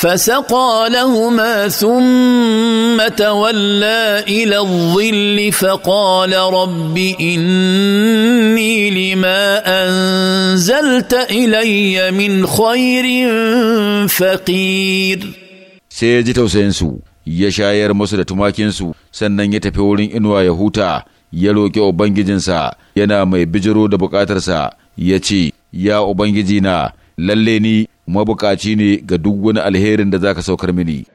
فسقى لهما ثم تولى الى الظل فقال رب اني لما انزلت الي من خير فقير sai ya ji tausayinsu ya shayar masu da tumakinsu sannan ya tafi wurin inuwa ya huta ya roƙi ubangijinsa yana mai bijiro da buƙatarsa ya ce ya na, lallai ni mabukaci ne ga duk wani alherin da zaka saukar mini